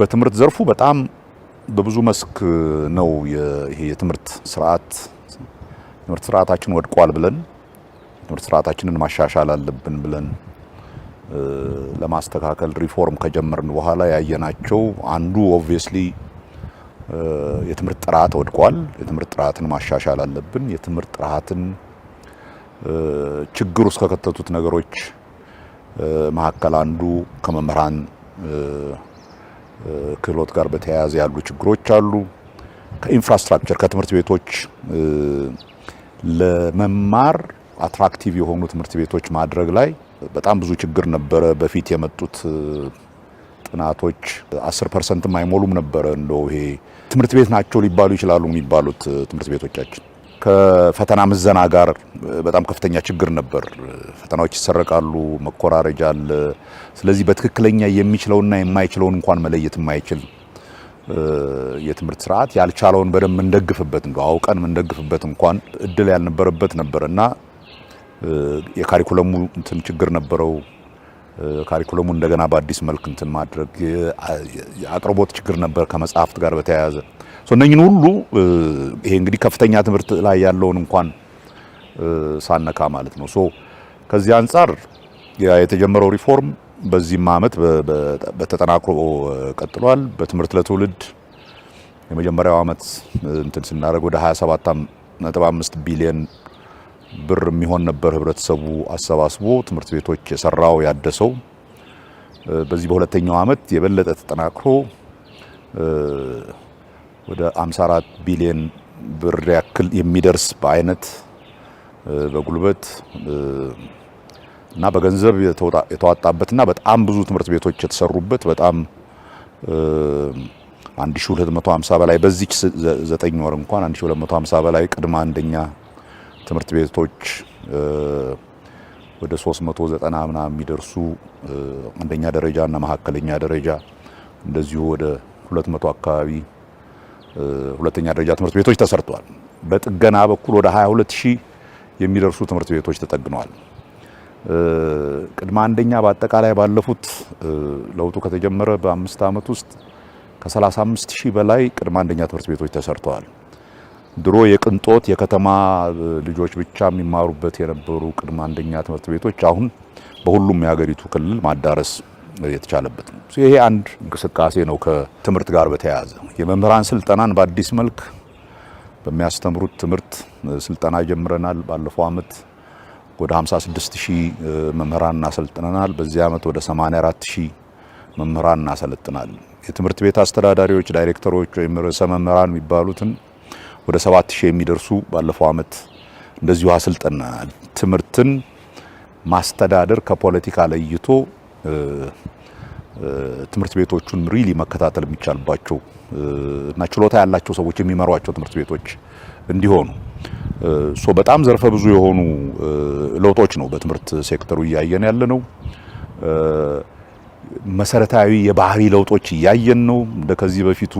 በትምህርት ዘርፉ በጣም በብዙ መስክ ነው ይሄ የትምህርት ስርዓት ትምህርት ስርዓታችን ወድቋል ብለን ትምህርት ስርዓታችንን ማሻሻል አለብን ብለን ለማስተካከል ሪፎርም ከጀመርን በኋላ ያየናቸው አንዱ ኦብቪየስሊ የትምህርት ጥራት ወድቋል። የትምህርት ጥራትን ማሻሻል አለብን። የትምህርት ጥራትን ችግር ውስጥ ከከተቱት ነገሮች መካከል አንዱ ከመምህራን ክህሎት ጋር በተያያዘ ያሉ ችግሮች አሉ። ከኢንፍራስትራክቸር ከትምህርት ቤቶች ለመማር አትራክቲቭ የሆኑ ትምህርት ቤቶች ማድረግ ላይ በጣም ብዙ ችግር ነበረ። በፊት የመጡት ጥናቶች 10 ፐርሰንትም አይሞሉም ነበረ። እንደው ይሄ ትምህርት ቤት ናቸው ሊባሉ ይችላሉ የሚባሉት ትምህርት ቤቶቻችን ከፈተና ምዘና ጋር በጣም ከፍተኛ ችግር ነበር። ፈተናዎች ይሰረቃሉ፣ መኮራረጃ አለ። ስለዚህ በትክክለኛ የሚችለውና የማይችለውን እንኳን መለየት የማይችል የትምህርት ስርዓት ያልቻለውን በደንብ እንደግፍበት እንደው አውቀን እንደግፍበት እንኳን እድል ያልነበረበት ነበር እና የካሪኩለሙ እንትን ችግር ነበረው። ካሪኩለሙ እንደገና በአዲስ መልክ እንትን ማድረግ የአቅርቦት ችግር ነበር ከመጽሐፍት ጋር በተያያዘ እነኝን ሁሉ ይሄ እንግዲህ ከፍተኛ ትምህርት ላይ ያለውን እንኳን ሳነካ ማለት ነው። ሶ ከዚህ አንጻር የተጀመረው ሪፎርም በዚህም ዓመት በተጠናክሮ ቀጥሏል። በትምህርት ለትውልድ የመጀመሪያው ዓመት እንትን ስናደርግ ወደ 27.5 ቢሊዮን ብር የሚሆን ነበር ህብረተሰቡ አሰባስቦ ትምህርት ቤቶች የሰራው ያደሰው። በዚህ በሁለተኛው ዓመት የበለጠ ተጠናክሮ ወደ 54 ቢሊዮን ብር ያክል የሚደርስ በአይነት በጉልበት እና በገንዘብ የተዋጣበትና በጣም ብዙ ትምህርት ቤቶች የተሰሩበት በጣም 1250 በላይ በዚች ዘጠኝ ወር እንኳን 1250 በላይ ቅድመ አንደኛ ትምህርት ቤቶች ወደ 390 ምናምን የሚደርሱ አንደኛ ደረጃ እና መካከለኛ ደረጃ እንደዚሁ ወደ 200 አካባቢ ሁለተኛ ደረጃ ትምህርት ቤቶች ተሰርተዋል። በጥገና በኩል ወደ 22000 ሺህ የሚደርሱ ትምህርት ቤቶች ተጠግነዋል። ቅድመ አንደኛ በአጠቃላይ ባለፉት ለውጡ ከተጀመረ በአምስት ዓመት ውስጥ ከ 35000 ሺህ በላይ ቅድመ አንደኛ ትምህርት ቤቶች ተሰርተዋል። ድሮ የቅንጦት የከተማ ልጆች ብቻ የሚማሩበት የነበሩ ቅድመ አንደኛ ትምህርት ቤቶች አሁን በሁሉም የሀገሪቱ ክልል ማዳረስ የተቻለበት ነው። ይሄ አንድ እንቅስቃሴ ነው። ከትምህርት ጋር በተያያዘ የመምህራን ስልጠናን በአዲስ መልክ በሚያስተምሩት ትምህርት ስልጠና ጀምረናል። ባለፈው ዓመት ወደ 56 ሺህ መምህራን እናሰልጥነናል። በዚህ ዓመት ወደ 84 ሺህ መምህራን እናሰለጥናል። የትምህርት ቤት አስተዳዳሪዎች፣ ዳይሬክተሮች ወይም ርዕሰ መምህራን የሚባሉትን ወደ 7000 የሚደርሱ ባለፈው አመት እንደዚሁ አሰልጥነናል። ትምህርትን ማስተዳደር ከፖለቲካ ለይቶ ትምህርት ቤቶቹን ሪሊ መከታተል የሚቻልባቸው እና ችሎታ ያላቸው ሰዎች የሚመሯቸው ትምህርት ቤቶች እንዲሆኑ ሶ በጣም ዘርፈ ብዙ የሆኑ ለውጦች ነው በትምህርት ሴክተሩ እያየን ያለ ነው። መሰረታዊ የባህሪ ለውጦች እያየን ነው። እንደ ከዚህ በፊቱ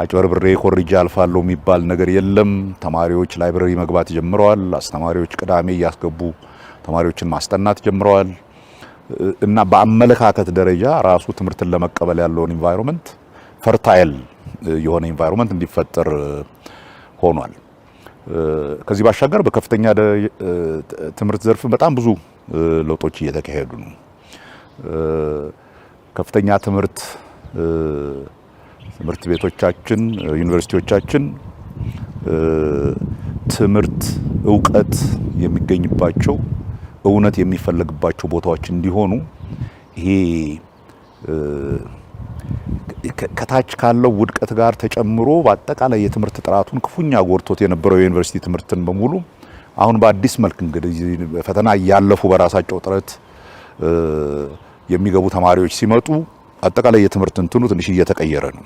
አጭበርብሬ ኮርጃ አልፋለሁ የሚባል ነገር የለም። ተማሪዎች ላይብረሪ መግባት ጀምረዋል። አስተማሪዎች ቅዳሜ እያስገቡ ተማሪዎችን ማስጠናት ጀምረዋል። እና በአመለካከት ደረጃ ራሱ ትምህርትን ለመቀበል ያለውን ኢንቫይሮንመንት ፈርታይል የሆነ ኢንቫይሮንመንት እንዲፈጠር ሆኗል። ከዚህ ባሻገር በከፍተኛ ትምህርት ዘርፍ በጣም ብዙ ለውጦች እየተካሄዱ ነው። ከፍተኛ ትምህርት ትምህርት ቤቶቻችን፣ ዩኒቨርሲቲዎቻችን ትምህርት፣ እውቀት የሚገኝባቸው እውነት የሚፈለግባቸው ቦታዎች እንዲሆኑ ይሄ ከታች ካለው ውድቀት ጋር ተጨምሮ በአጠቃላይ የትምህርት ጥራቱን ክፉኛ ጎድቶት የነበረው የዩኒቨርሲቲ ትምህርትን በሙሉ አሁን በአዲስ መልክ እንግዲህ ፈተና እያለፉ በራሳቸው ጥረት የሚገቡ ተማሪዎች ሲመጡ አጠቃላይ የትምህርት እንትኑ ትንሽ እየተቀየረ ነው።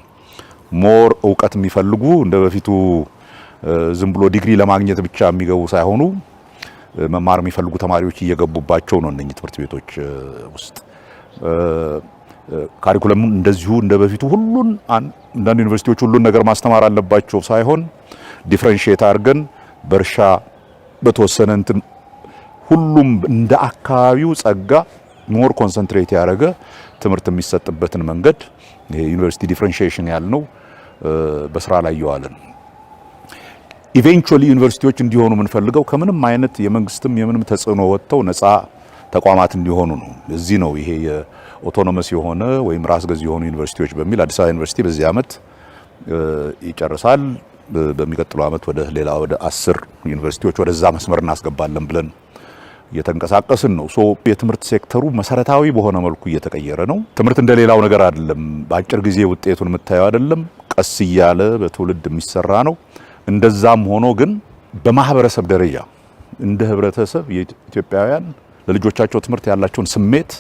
ሞር እውቀት የሚፈልጉ እንደ በፊቱ ዝም ብሎ ዲግሪ ለማግኘት ብቻ የሚገቡ ሳይሆኑ መማር የሚፈልጉ ተማሪዎች እየገቡባቸው ነው እነኚህ ትምህርት ቤቶች ውስጥ። ካሪኩለም እንደዚሁ እንደ በፊቱ ሁሉን አንዳንድ ዩኒቨርሲቲዎች ሁሉን ነገር ማስተማር አለባቸው ሳይሆን ዲፍረንሽት አድርገን በእርሻ በተወሰነ እንትን ሁሉም እንደ አካባቢው ጸጋ ሞር ኮንሰንትሬት ያደረገ ትምህርት የሚሰጥበትን መንገድ ዩኒቨርሲቲ ዩኒቨርሲቲ ያል ያልነው በስራ ላይ የዋለን። ኢቬንቹዋሊ ዩኒቨርሲቲዎች እንዲሆኑ የምንፈልገው ከምንም አይነት የመንግስትም የምንም ተጽዕኖ ወጥተው ነፃ ተቋማት እንዲሆኑ ነው። እዚህ ነው ይሄ የኦቶኖመስ የሆነ ወይም ራስ ገዝ የሆኑ ዩኒቨርሲቲዎች በሚል አዲስ አበባ ዩኒቨርሲቲ በዚህ ዓመት ይጨርሳል። በሚቀጥለው ዓመት ወደ ሌላ ወደ አስር ዩኒቨርሲቲዎች ወደዛ መስመር እናስገባለን ብለን እየተንቀሳቀስን ነው። ሶ የትምህርት ሴክተሩ መሰረታዊ በሆነ መልኩ እየተቀየረ ነው። ትምህርት እንደሌላው ነገር አይደለም። በአጭር ጊዜ ውጤቱን የምታየው አይደለም። ቀስ እያለ በትውልድ የሚሰራ ነው። እንደዛም ሆኖ ግን በማህበረሰብ ደረጃ እንደ ህብረተሰብ የኢትዮጵያውያን ለልጆቻቸው ትምህርት ያላቸውን ስሜት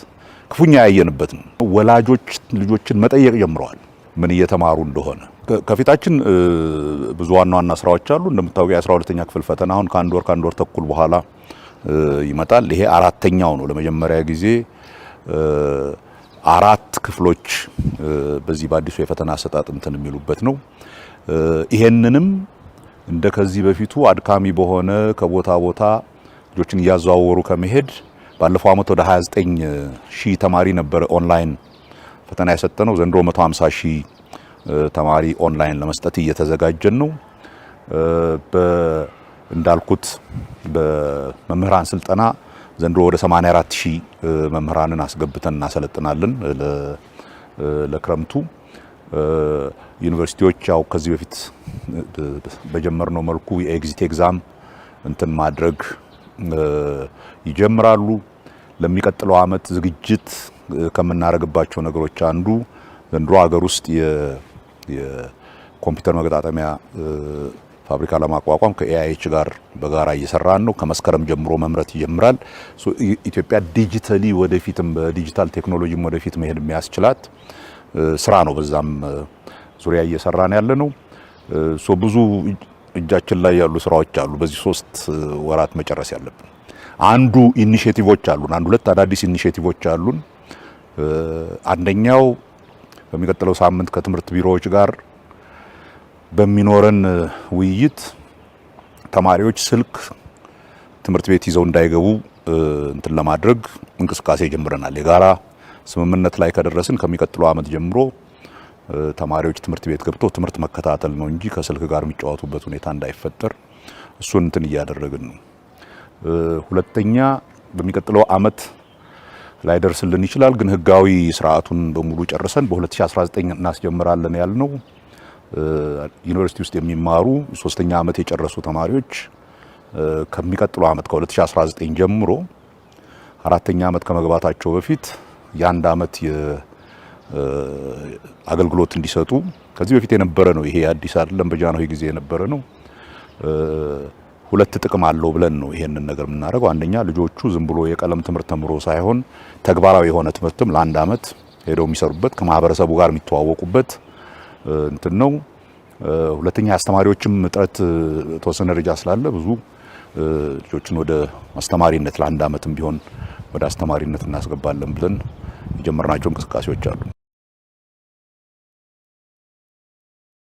ክፉኛ ያየንበት ነው። ወላጆች ልጆችን መጠየቅ ጀምረዋል፣ ምን እየተማሩ እንደሆነ። ከፊታችን ብዙ ዋና ዋና ስራዎች አሉ። እንደምታወቀው የአስራ ሁለተኛ ክፍል ፈተና አሁን ከአንድ ወር ከአንድ ወር ተኩል በኋላ ይመጣል። ይሄ አራተኛው ነው። ለመጀመሪያ ጊዜ አራት ክፍሎች በዚህ በአዲሱ የፈተና አሰጣጥ እንትን የሚሉበት ነው። ይሄንንም እንደ ከዚህ በፊቱ አድካሚ በሆነ ከቦታ ቦታ ልጆችን እያዘዋወሩ ከመሄድ ባለፈው ዓመት ወደ 29 ሺህ ተማሪ ነበረ ኦንላይን ፈተና የሰጠ ነው። ዘንድሮ 150 ሺህ ተማሪ ኦንላይን ለመስጠት እየተዘጋጀን ነው። እንዳልኩት በመምህራን ስልጠና ዘንድሮ ወደ 84 ሺህ መምህራንን አስገብተን እናሰለጥናለን። ለክረምቱ ዩኒቨርሲቲዎች ያው ከዚህ በፊት በጀመርነው መልኩ የኤግዚት ኤግዛም እንትን ማድረግ ይጀምራሉ። ለሚቀጥለው አመት ዝግጅት ከምናደርግባቸው ነገሮች አንዱ ዘንድሮ ሀገር ውስጥ የኮምፒውተር መገጣጠሚያ ፋብሪካ ለማቋቋም ከኤአይች ጋር በጋራ እየሰራን ነው። ከመስከረም ጀምሮ መምረት ይጀምራል። ኢትዮጵያ ዲጂታሊ ወደፊትም በዲጂታል ቴክኖሎጂም ወደፊት መሄድ የሚያስችላት ስራ ነው። በዛም ዙሪያ እየሰራን ያለ ነው። ብዙ እጃችን ላይ ያሉ ስራዎች አሉ። በዚህ ሶስት ወራት መጨረስ ያለብን አንዱ ኢኒሼቲቮች አሉን። አንድ ሁለት አዳዲስ ኢኒሼቲቮች አሉን። አንደኛው በሚቀጥለው ሳምንት ከትምህርት ቢሮዎች ጋር በሚኖረን ውይይት ተማሪዎች ስልክ ትምህርት ቤት ይዘው እንዳይገቡ እንትን ለማድረግ እንቅስቃሴ ጀምረናል። የጋራ ስምምነት ላይ ከደረስን ከሚቀጥለው ዓመት ጀምሮ ተማሪዎች ትምህርት ቤት ገብቶ ትምህርት መከታተል ነው እንጂ ከስልክ ጋር የሚጫወቱበት ሁኔታ እንዳይፈጠር እሱን እንትን እያደረግን ነው። ሁለተኛ በሚቀጥለው ዓመት ላይደርስልን ይችላል፣ ግን ህጋዊ ስርዓቱን በሙሉ ጨርሰን በ2019 እናስጀምራለን ያልነው ዩኒቨርሲቲ ውስጥ የሚማሩ ሶስተኛ ዓመት የጨረሱ ተማሪዎች ከሚቀጥለው ዓመት ከ2019 ጀምሮ አራተኛ ዓመት ከመግባታቸው በፊት የአንድ ዓመት አገልግሎት እንዲሰጡ ከዚህ በፊት የነበረ ነው። ይሄ አዲስ አይደለም። በጃንሆይ ጊዜ የነበረ ነው። ሁለት ጥቅም አለው ብለን ነው ይሄንን ነገር የምናደርገው። አንደኛ ልጆቹ ዝም ብሎ የቀለም ትምህርት ተምሮ ሳይሆን ተግባራዊ የሆነ ትምህርትም ለአንድ ዓመት ሄደው የሚሰሩበት ከማህበረሰቡ ጋር የሚተዋወቁበት እንትን ነው። ሁለተኛ አስተማሪዎችም እጥረት ተወሰነ ደረጃ ስላለ ብዙ ልጆችን ወደ አስተማሪነት ለአንድ ዓመትም ቢሆን ወደ አስተማሪነት እናስገባለን ብለን የጀመርናቸው እንቅስቃሴዎች አሉ።